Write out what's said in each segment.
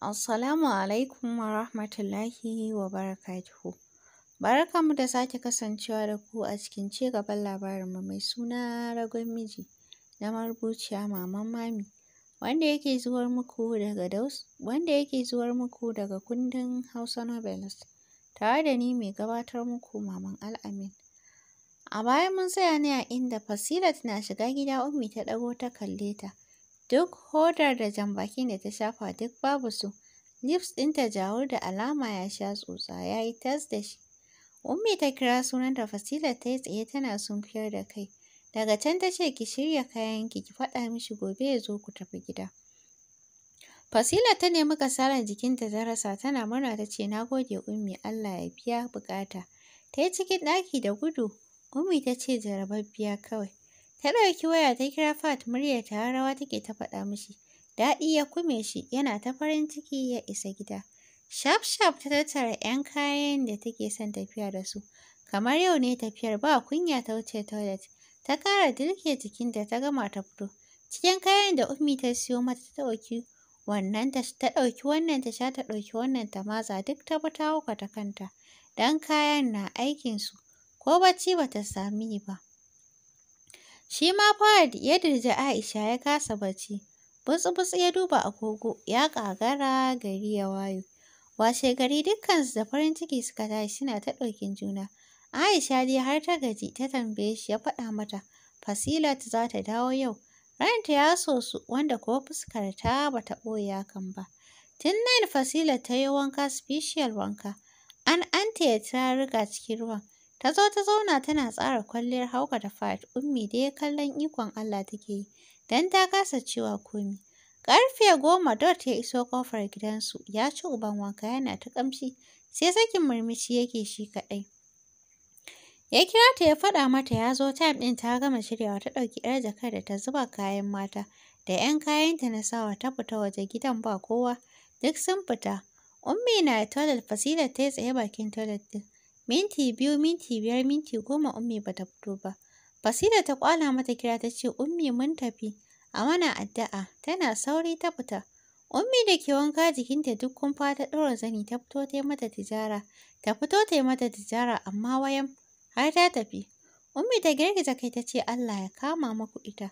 Assalamu alaikum wa rahmatullahi wa barakatuhu. mu da sake kasancewa da ku a cikin ci gaban labarinmu mai suna ragon miji na marubuciya Maman Mami wanda yake zuwar muku daga Daus wanda yake zuwar muku daga kundin Hausa Novels tare da ni mai gabatar muku Maman Al-Amin. A baya mun saya ne a inda Fasilat na shiga gida Ummi ta ɗago ta kalle ta. Duk hodar da jan bakin da ta shafa duk babu su. Lips ɗinta jawur da alama ya sha tsutsa ya yi tas da shi. Ummi ta kira sunan da Fasila ta yi tsaye tana sunkuyar da kai. Daga can ta ce ki shirya kayan ki ki faɗa mishi gobe ya zo ku tafi gida. Fasila ta nemi kasalar jikinta ta rasa tana murna ta ce na goge ummi Allah ya biya bukata. Ta yi cikin ɗaki da gudu. Ummi ta ce biya kawai. Ta ɗauki waya ta kira Fat murya ta rawa take ta faɗa mishi. Daɗi ya kume shi yana ta farin ciki ya isa gida. Shaf shaf ta tattara 'yan kayan da take son tafiya da su. Kamar yau ne tafiyar ba kunya ta wuce toilet. Ta kara dirke da ta gama ta fito. Cikin kayan da Ummi ta siyo mata ta ɗauki wannan ta ɗauki wannan ta sha ta ɗauki wannan ta maza, duk ta bi ta kanta. Dan kayan na aikin su ko bacci bata sami yi ba. Shi ma Fahad ya dirje Aisha ya kasa bacci, butsu-butsu ya duba agogo ya ƙagara gari ya wayo. gari dukkansu da farin ciki suka tashi suna ta ɗaukin juna. Aisha dai har ta gaji ta tambaye shi ya faɗa mata Fasilat za ta dawo yau. Ranta ya so su wanda kuwa fuskar ta ba ta ɓoye hakan ba. Tun nan Fasilat ta yi wanka special wanka. An ante ta riga cikin ruwan. Ta zo ta zauna tana tsara kwalliyar hauka da fat. Ummi da ya kallon ikon Allah take yi, don ta kasa cewa komi. Ƙarfe goma Dot ya iso ƙofar gidansu, ya ci uban wanka yana ta ƙamshi, sai sakin murmushi yake shi kaɗai. Ya kira ta ya faɗa mata ya zo time ɗin ta gama shiryawa ta ɗauki 'yar jaka da ta zuba kayan mata da 'yan kayanta na sawa ta fita waje gidan ba kowa duk sun fita. Ummi na toilet fasilar ta yi tsaye bakin toilet ɗin. Minti biyu, minti biyar, minti goma Ummi bata fito ba. Basira ta kwala mata kira ta ce, Ummi mun tafi, a mana addu'a, tana sauri ta fita. Ummi da ke wanka jikinta duk kun fata ɗora zani ta fito ta yi mata tijara, ta fito ta yi mata tijara amma wayan har ta tafi. Ummi ta girgiza kai ta ce, Allah ya kama maku ita.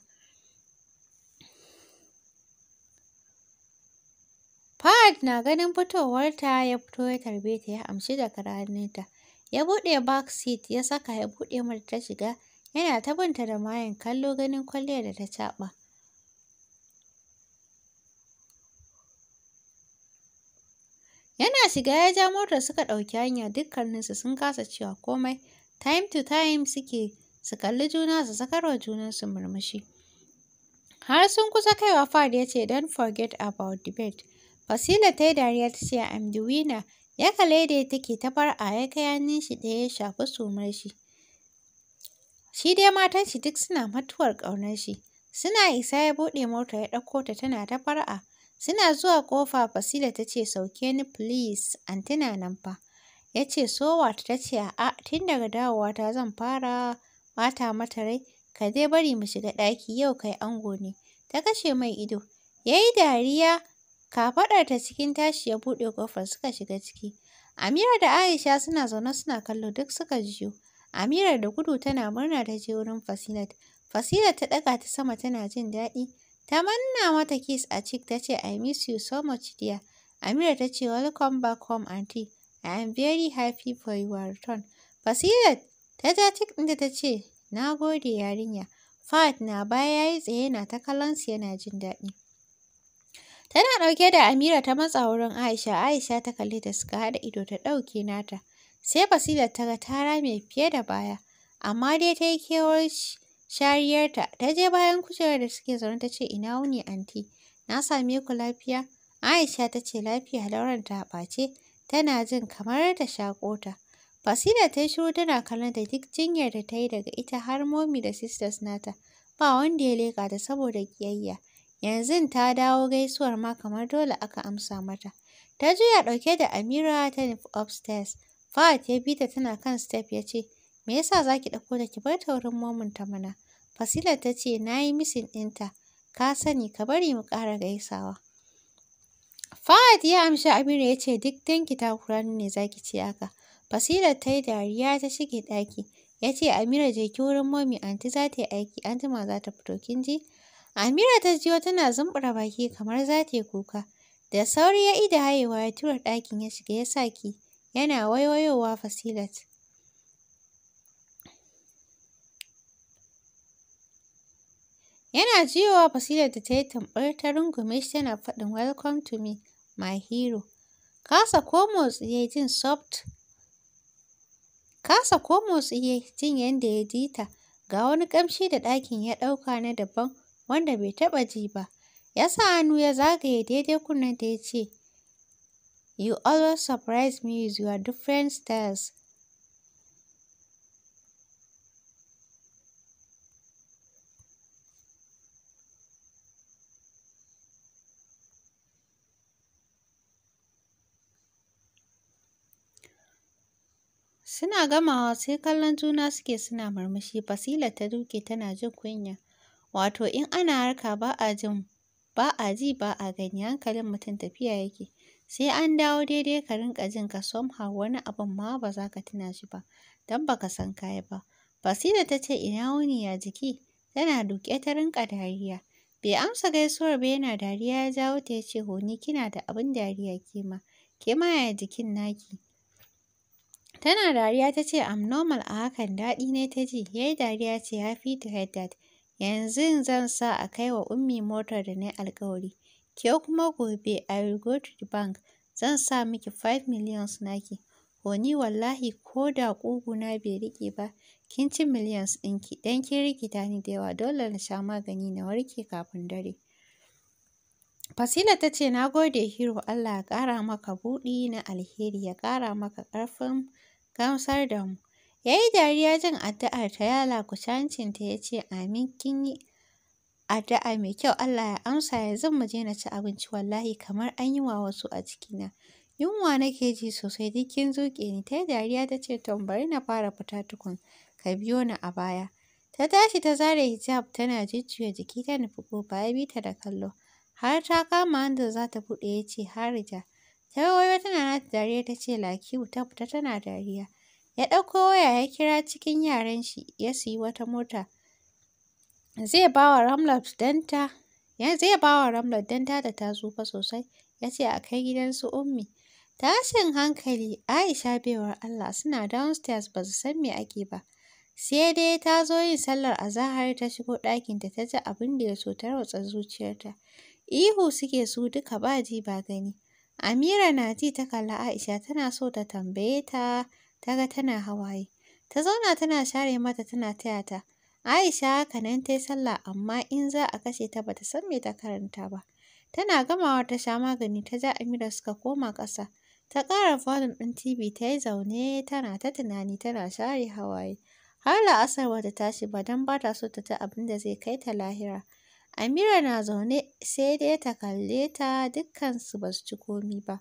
Fahad na ganin fitowarta ya fito ya tarbe ta ya amshi da karaninta. Ya buɗe back seat ya saka ya buɗe mata ta shiga yana ta binta da mayan kallo ganin kwalliyar da ta caɓa. Yana shiga ya ja motar suka ɗauki hanya dukkaninsu sun kasa cewa komai. Time to time suke su kalli juna su sakarwa junansu murmushi. Har sun kusa kaiwa Fahad ya ce don't forget about the bed. Fasila ta yi dariya ta ce I'm the winner. Ya kalle da take ta far'a ya kai hannun shi ɗaya ya shafi sumar shi. Shi dai matan shi duk suna matuwar ƙaunar shi. Suna isa ya buɗe mota ya ɗauko ta tana ta far'a. Suna zuwa ƙofa Fasila ta ce sauke ni please antina nan fa. Ya ce so what ta ce "A tun daga dawowa ta zan fara mata mata rai ka dai bari mu shiga ɗaki yau kai ango ne. Ta kashe mai ido. Ya yi dariya ta cikin tashi ya buɗe kofar suka shiga ciki. Amira da Aisha suna zaune suna kallo duk suka jiyo. Amira da gudu tana murna ta je wurin Fasilat. Fasilat ta ɗaga ta sama tana jin daɗi. Ta manna mata kiss a cik ta I miss you so much dear. Amira ta ce welcome back home auntie I am very happy for your return. Fasilat ta ja cik inda ta ce na gode yarinya. Fat na baya ya yi tsaye yana ta kallon su yana jin daɗi. Tana ɗauke da Amira ta matsa wurin Aisha, Aisha ta kalli da suka haɗa ido ta ɗauke nata. Sai Basira ta ga tara mai fiye da baya, amma dai ta yi kewar shariyarta. Ta je bayan kujerar da suke zaune ta ce ina wuni anti, na same ku lafiya. Aisha ta ce lafiya lauran ta ɓace, tana jin kamar ta shaƙota. Basira ta yi shiru tana kallon da duk jinyar da ta yi daga ita har momi da sisters nata. Ba wanda ya leƙa ta saboda ƙiyayya. Yanzu ta dawo gaisuwar ma kamar dole aka amsa mata. Ta juya ɗauke da Amira ta nufi upstairs. Fahad ya bi ta tana kan step ya ce, Me yasa za ki ɗauko da ki bar ta wurin ta mana? Fasila ta ce, Na yi misin ɗinta. Ka sani ka bari mu ƙara gaisawa. Fahad ya amshi Amira ya ce, Duk danki takura ne za ki ce haka. Fasila ta yi dariya ta shige ɗaki. Ya ce, Amira je ki wurin momi anti za ta yi aiki, anjima za ta fito kin ji? Amira ta jiyo tana zumbura baki kamar za ta yi kuka. Da sauri ya ida hayewa ya tura ɗakin ya shiga ya sa Yana waiwayowa Fasilat. Yana jiyowa Fasilat da ta yi tamɓar ta rungume shi tana faɗin welcome to me, my hero. Kasa ko motsi ya jin soft. Kasa ko motsi ya jin yadda ya ji ta. Ga wani ƙamshi da ɗakin ya ɗauka na daban. wanda bai taɓa ji ba. Ya sa hannu ya zagaye daidai kunnenta ya ce, You always surprise me with your different styles. Suna gamawa sai kallon juna suke suna murmushi. Fasila ta duke tana jin kunya. Wato in ana harka ba a jin ba a ji ba a gani hankalin mutum tafiya yake. Sai an dawo daidai ka rinka jin ka somha wani abun ma ba za ka tuna shi ba don ba ka san kaya ba. Basira ta ce ina wuni ya jiki tana duke ta rinka dariya. Bai amsa gaisuwar ba yana dariya ya jawo ta ya ce honi kina da abin dariya ke ma, ke ma ya jikin naki. Tana dariya ta ce am normal a hakan daɗi ne ta ji, yayi dariya ce ya fi ta ta. Yanzu zan sa a kai wa Ummi motar da na yi alkawari ke kuma gobe I will go to the bank zan sa miki five millions naki, Honi wallahi ko da na bai riƙe ba kin ci millions ɗinki dan kin rikita ni da yawa dole na sha magani na warke kafin dare. Fasila ta ce na gode hero Allah ya ƙara maka buɗi na alheri ya ƙara maka ƙarfin gamsar da mu. Ya yi dariya jin addu'ar ta ya lakuci ta ya ce amin kin yi addu'a mai kyau Allah ya amsa yanzu mu je na ci abinci wallahi kamar an yi wa wasu a cikina. Yunwa nake ji sosai duk kin zuƙe ni ta yi dariya ta ce to bari na fara fita tukun ka biyo ni a baya. Ta tashi ta zare hijab tana jujjuya jiki ta nufi ba ya bi ta da kallo. Har ta kama hannun za ta buɗe ya ce harija. Ta wayo tana nata dariya ta ce lakiu ta fita tana dariya. Ya ɗauko waya ya kira cikin yaran shi ya siyi wata mota. Zai bawa wa Ramlat ta zai ba wa Ramlat da ta zufa sosai. Ya ce a kai gidan su Ummi. Tashin hankali Aisha baiwar Allah suna downstairs ba su san me ake ba. Sai dai ta zo yin sallar azahar ta shigo ɗakinta ta ji abin da ya so ta rautsa zuciyarta. Ihu suke su duka ba ji ba gani. Amira na ji ta kalla Aisha tana so ta tambaye ta ta ga tana hawaye. Ta zauna tana share mata tana taya ta. Aisha haka nan ta yi sallah amma in za a kashe ta bata san me ta karanta ba. Tana gamawa ta sha magani ta ja Amira suka koma ƙasa. Ta ƙara volume ɗin TV ta yi zaune tana ta tunani tana share hawaye. Har la'asar ta tashi ba don ta so ta ci abin da zai kai ta lahira. Amira na zaune sai dai ta kalle ta dukkansu su ci komi ba.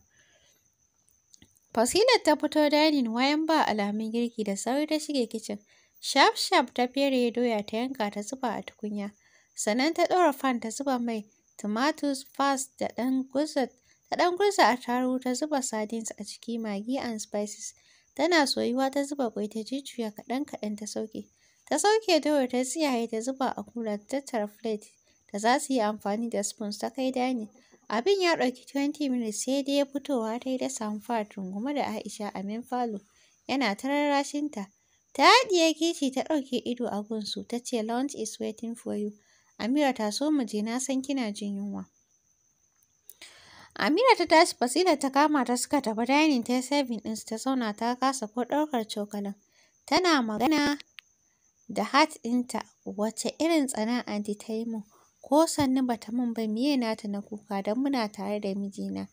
Fasilat ta fito dainin wayan ba alamun girki da sauri ta shige kicin. Shaf shaf ta fere doya ta yanka ta zuba a tukunya. Sannan ta ɗora fan ta zuba mai, tomatoes, fas da ɗan gurza ta ɗan a taru ta zuba sardines a ciki magi and spices. Tana soyuwa ta zuba kwai ta jujjuya kaɗan kaɗan ta sauke. Ta sauke doya ta tsiyaye ta zuba a kula ta tattara plate da za su yi amfani da spoons ta kai dining. Abin ya ɗauki 20 minutes sai dai ya fitowa ta yi ta samu Fahad rungume da Aisha a falo yana ta rarrashinta. Ta haɗiye kishi ta ɗauke ido a gunsu ta ce lunch is waiting for you. Amira ta so mu je na san kina jin yunwa. Amira ta tashi fasila ta kama ta suka tafi dining ta saving ɗin ta zauna ta kasa ko ɗaukar cokalin. Tana magana da hat ɗinta wace irin tsana anti ta yi mu. ko sannu bata min ba miye nata na kuka don muna tare da mijina.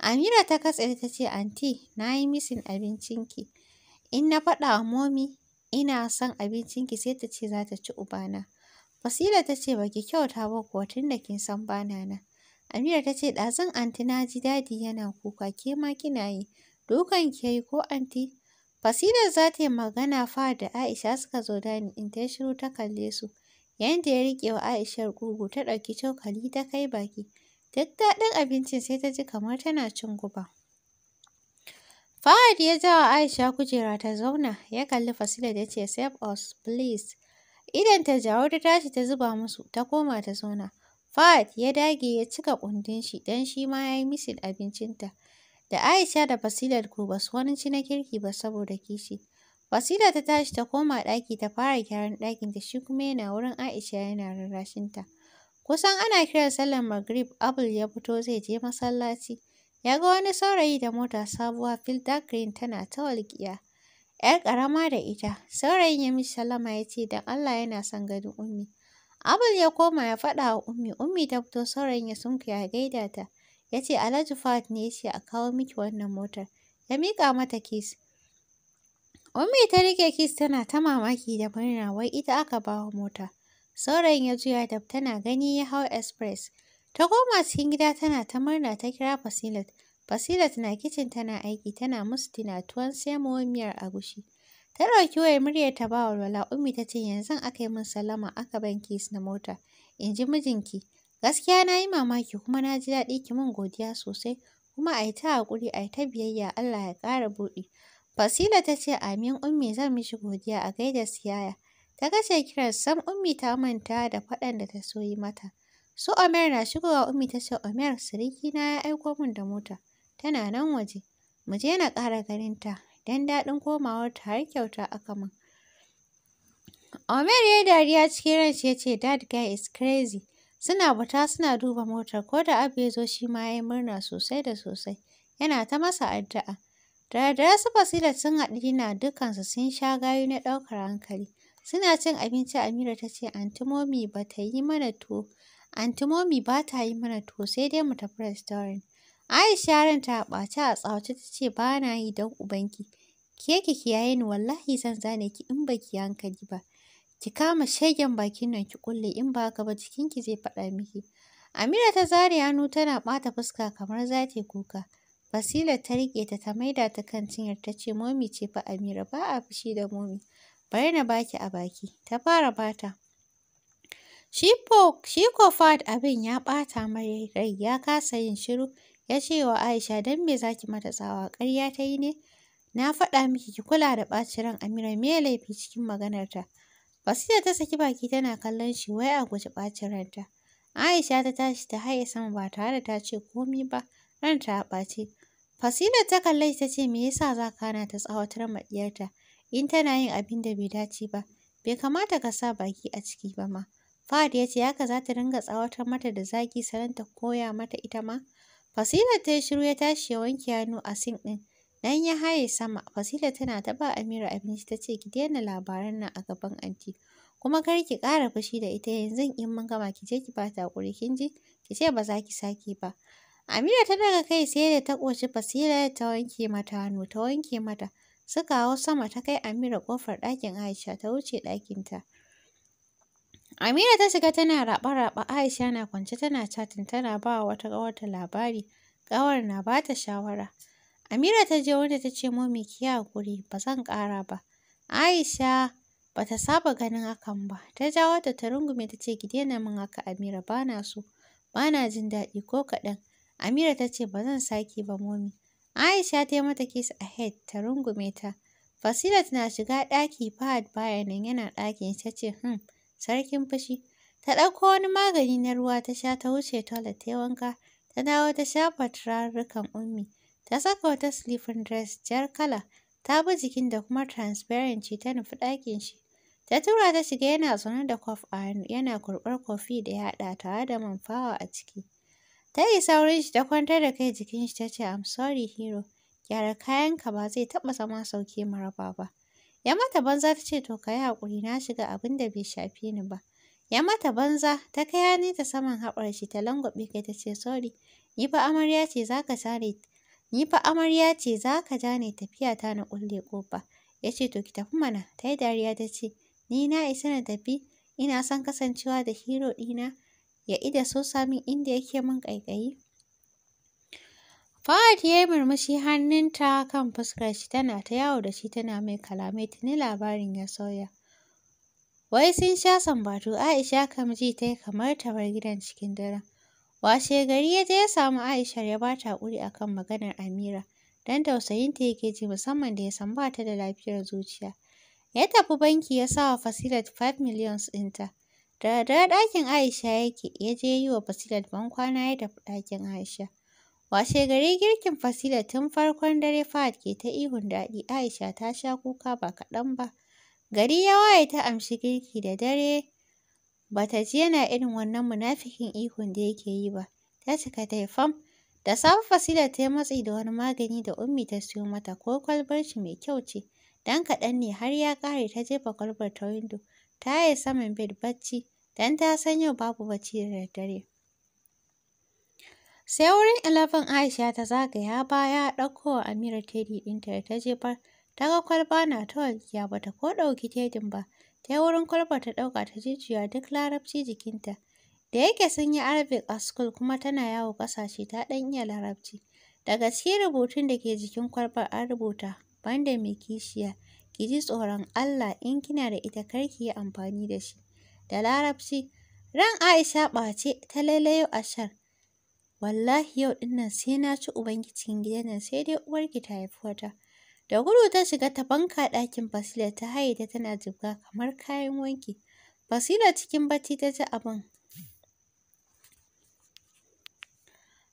Amira ta katse ta ce anti na yi misin abincinki. In na faɗa wa momi ina son abincinki sai ta ce za ta ci ubana. Fasila ta ce baki kyauta ba kuwa tun da kin san bana na. Amira ta ce ɗazun anti na ji dadi yana kuka ke ma kina yi. Dukan ki yi ko anti? Fasila za ta yi magana fa da Aisha suka zo dani in ta shiru ta kalle su. yayin ya riƙe wa Aishar ƙugu ta ɗauki cokali ta kai baki. Daddaɗin abincin sai ta ji kamar tana cin guba. Fahad ya jawa Aisha kujera ta zauna, ya kalli Fasila da ce save us please. Idan ta jawo ta tashi ta zuba musu, ta koma ta zauna. Fahad ya dage ya cika kundin shi dan shi ma ya yi misin abincinta. Da Aisha da Fasilat ko ba su wani ci na kirki ba saboda kishi. Wasila ta tashi ta koma ɗaki ta fara gyaran ɗakinta shi kuma yana wurin Aisha yana rarrashinta. Kusan ana kiran sallar Maghrib Abul ya fito zai je masallaci. Ya ga wani saurayi da mota sabuwa fil dark green tana ta walƙiya. ‘Yar ƙarama da ita, saurayin ya mishi sallama ya ce don Allah yana son ganin Ummi. Abul ya koma ya faɗa wa Ummi, Ummi ta fito saurayin ya sunkuya ya gaida ta. Ya ce Alhaji Fahad ne ya ce a kawo miki wannan motar. Ya miƙa mata kes. Ummi ta riƙe kis tana ta mamaki da murna wai ita aka bawa mota. Saurayin ya juya da tana gani ya hau express. Ta koma cikin gida tana ta murna ta kira Fasilat. Fasilat na kicin tana aiki tana musu tinatuwan samuwar miyar agushi. Ta ɗauki wayar muryar ta ba Lola Ummi ta ce yanzu aka yi min sallama aka ban kis na mota. In ji mijinki. Gaskiya na yi mamaki kuma na ji daɗi ki min godiya sosai. Kuma a yi ta haƙuri a yi ta biyayya Allah ya ƙara buɗi. Fasila ta ce amin ummi zan mishi godiya a gaida siyaya. Ta kashe kiran sam ummi ta manta da faɗan da ta so yi mata. Su Omer na shigowa ummi ta ce Omer siriki na ya aiko mun da mota. Tana nan waje. Mu je na ƙara ganinta don daɗin ta har kyauta aka min. Omer ya dariya cikin ran ya ce that guy is crazy. Suna buta suna duba motar ko da abu ya zo shi ma ya murna sosai da sosai. Yana ta masa addu'a. Da daddare su Basira sun haɗu dina dukansu sun sha gayu na ɗaukar hankali. Suna cin abinci Amira ta ce antimomi ba ta yi mana tuwo. ba ta yi mana to sai dai mu tafi restaurant. Aisha ran ta ɓaci a tsawace ta ce ba na yi don ubanki. Ke ki kiyaye ni wallahi zan zane ki in ba ki hankali ba. Ki kama shegen bakin nan ki kulle in ba haka ba jikinki zai faɗa miki. Amira ta zare hannu tana ɓata fuska kamar za ta kuka. Basila ta riƙe ta ta maida ta kan cinyar ta ce momi ce fa Amira ba a fushi da momi. Bari na baki a baki. Ta fara bata. Shi ko fat abin ya ɓata mai rai ya kasa yin shiru ya ce wa Aisha dan me zaki mata tsawa ƙarya ta yi ne? Na faɗa miki ki kula da ɓacin ran Amira me laifi cikin ta Basira ta saki baki tana kallon shi wai a guji ɓacin ranta. Aisha ta tashi ta haye sama ba tare da ta ce komi ba ranta a ɓace. Fasila ta kalle ta ce me yasa za ka hana ta tsawatar ma diyarta in tana yin abin da bai dace ba bai kamata ka sa baki a ciki ba ma. Fahad ya ce haka za ta ringa tsawatar mata da zaki salon ta koya mata ita ma. Fasila ta yi shiru ya tashi ya wanke hannu a sink ɗin. Dan ya haye sama, Fasila tana ta ba Amira abinci ta ce ki daina labaran nan a gaban anti. Kuma kar ki ƙara fushi da ita yanzu in mun gama ki je ki bata hakuri kin ji ki ce ba za ki sake ba. Amira ta daga kai sai da ta ƙoci basira ta wanke mata hannu ta wanke mata. Suka hau sama ta kai Amira ƙofar ɗakin Aisha ta wuce ɗakin ta. Amira ta shiga tana raɓa-raɓa Aisha na kwance tana catin tana ba wa wata ƙawarta labari. Ƙawar na ba ta shawara. Amira ta je wanda ta ce momi ki haƙuri ba zan ƙara ba. Aisha ba ta saba ganin hakan ba. Ta jawo wata ta rungume ta ce ki daina min haka Amira ba na so. Ba na jin daɗi ko kaɗan. Amira ta ce ba zan sake ba momi. Aisha ta yi mata kiss a head ta rungume ta. Fasilat na shiga ɗaki Fahad baya yana ɗakin ta ce hmm sarkin fushi. Ta ɗauko wani magani na ruwa ta sha ta wuce toilet ta yi wanka ta dawo ta shafa turarrukan ummi. Ta saka wata sleeping dress jar kala ta bi jikin da kuma transparent ce ta nufi ɗakin shi. Ta tura ta shiga yana zaune da kof a hannu yana kurɓar kofi da ya haɗa tare da man fawa a ciki. Ta yi saurin shi ta kwantar da kai jikin shi ta ce I'm sorry hero. Gyara kayanka ba zai taɓa zama sauke maraba ba. Ya mata banza ta ce to ka yi haƙuri na shiga abin da bai shafi ni ba. Ya mata banza ta kai ta saman haɓar shi ta langwaɓe kai ta ce sorry. Ni fa amarya ce za ka sare Ni fa amarya ce za ka ja ne tafiya ta na ƙulle ƙofa. Ya ce to ki tafi mana. Ta yi dariya ta ce ni na isa na tafi. Ina son kasancewa da hero ɗina. ya ida so samin inda yake min ƙaiƙayi. Fahad ya yi murmushi hannunta kan fuskar shi tana ta yawo da shi tana mai kalamai tuni labarin ya sauya. Wai sun sha sambatu Aisha kam ji ta yi kamar ta bar gidan cikin daren. Washe gari ya je ya samu aisha ya ba ta kuri a maganar Amira, don tausayinta yake ji musamman da ya san ba ta da lafiyar zuciya. Ya tafi banki ya sa wa Fasilat 5 millions ɗinta. Da daddare ɗakin Aisha yake, ya je yi wa Fasilat kwana ya tafi ɗakin Aisha. Washe gari girkin Fasila tun farkon dare Fahad ke ta ihun daɗi Aisha ta sha kuka ba kaɗan ba. Gari ya waye ta amshi girki da dare ba ta ji yana irin wannan munafikin ihun da yake yi ba. Ta cika ta fam. Da safe Fasila ta yi matsi da wani magani da Ummi ta siyo mata ko kwalbar shi mai kyau ce. Dan kaɗan ne har ya ƙare ta jefa kwalbar ta windo. ta yi saman bed bacci don ta san yau babu bacci da daddare. Sai wurin 11 Aisha ta zagaya baya ɗauko wa Amira teddy ɗinta da ta jefar ta ga kwalba na ta wajiya ba ta ko ɗauki tedin ba. Ta yi wurin kwalba ta ɗauka ta jijiya duk larabci jikinta. Da yake sun yi Arabic a school kuma tana yawo ƙasashe ta ɗan iya larabci. Daga cikin rubutun da ke jikin kwalbar an rubuta banda mai kishiya. ki ji tsoron Allah in kina da ita kar ki yi amfani da shi. Da larabci, ran Aisha ɓace ta lailayo ashar. Wallahi yau ɗinnan sai na ci ubangijin gidan nan sai dai uwarki ta haifi wata. Da gudu ta shiga ta banka ɗakin Basila ta haye tana jibga kamar kayan wanki. Basila cikin bacci ta ji abin.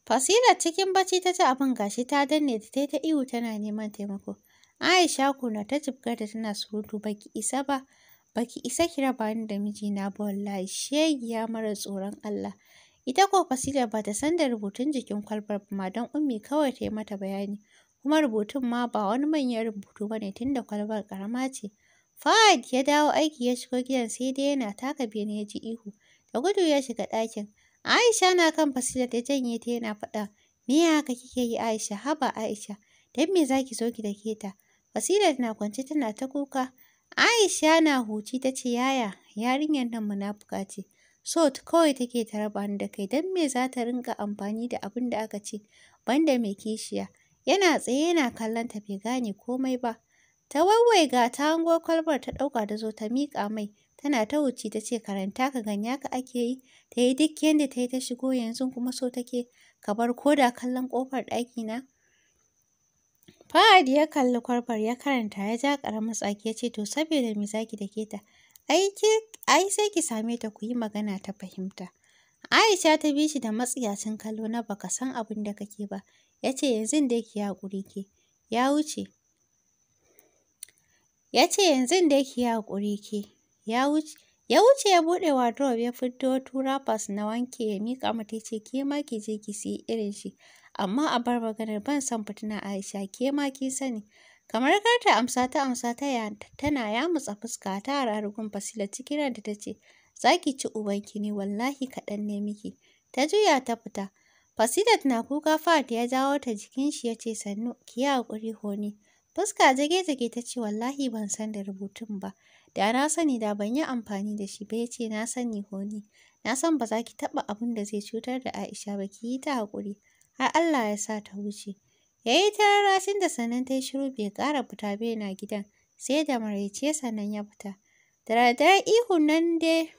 Fasila cikin bacci ta ji abin gashi ta danne ta ta ihu tana neman taimako. Aisha kuna ta jibga da tana surutu baki isa ba. Baki isa ki raba ni da mijina ba wallahi shegiya mara tsoron Allah. Ita ko Fasila ba ta san da rubutun jikin kwalbar ba ma don ummi kawai ta yi mata bayani. Kuma rubutun ma ba wani manyan rubutu ba ne da kwalbar karama ce. Fahad ya dawo aiki ya shigo gidan sai dai yana taka bene ya ji ihu. Da gudu ya shiga ɗakin. Aisha na kan Fasila ta janye ta yana faɗa. Me ya haka kike yi Aisha? Haba Aisha. Dan me za ki zo ki dake ta? Wasila na kwance tana ta kuka. Aisha na huci ta ce yaya yarinyar nan munafuka ce. Sot kawai take ta raba ni da kai don me za ta rinka amfani da abin da aka ce banda mai kishiya. Yana tsaye yana kallon ta bai gane komai ba. Ta ga ta hango kwalbar ta ɗauka da zo ta miƙa mai. Tana ta huci ta ce karanta ka ganya ka ake yi. Ta yi duk yadda ta yi ta shigo yanzu kuma so take ka bar koda da kallon ƙofar na? Fahad ya kalli kwarfar ya karanta ya ja ƙaramin tsaki ya ce to saboda me zaki dake ta? Ai sai ki same ta ku yi magana ta fahimta. Aisha ta bi shi da matsiyacin kallo na baka san abin da kake ba. Ya ce yanzu da ki haƙuri ke. Ya wuce. Ya ce yanzu da ki haƙuri ke. Ya wuce. Ya wuce ya buɗe wardrobe ya fito two na wanke ya mika mata ya ce ke ma ki je ki siyi irin shi. amma a bar maganar ban san fitina Aisha ke ma ki sani. Kamar kar ta amsa ta amsa ta ya tana yamutsa fuska ta hararugun Fasila cikin ranta ta ce zaki ki ci ubanki ne wallahi kaɗan ne miki. Ta juya ta fita. Fasilat na kuka fat ya jawo ta jikin shi ya ce sannu ki yi haƙuri honi. Fuska jage-jage ta ce wallahi ban san da rubutun ba. Da na sani da ban yi amfani da shi ba ya ce na sani honi. Na san ba za ki taɓa abin da zai cutar da Aisha ba ki yi ta haƙuri. har Allah ya sa ta wuce. Ya yi tararrasin da sannan ta yi shiru bai ƙara fita ba yana gidan, sai da maraice sannan ya fita. Da daddare ihun nan dai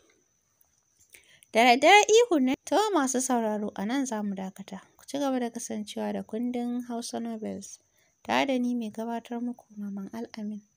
Da ihun nan masu sauraro a nan za mu dakata. Ku ci gaba da kasancewa da kundin Hausa Nobels tare da ni mai gabatar muku Maman Al'amin.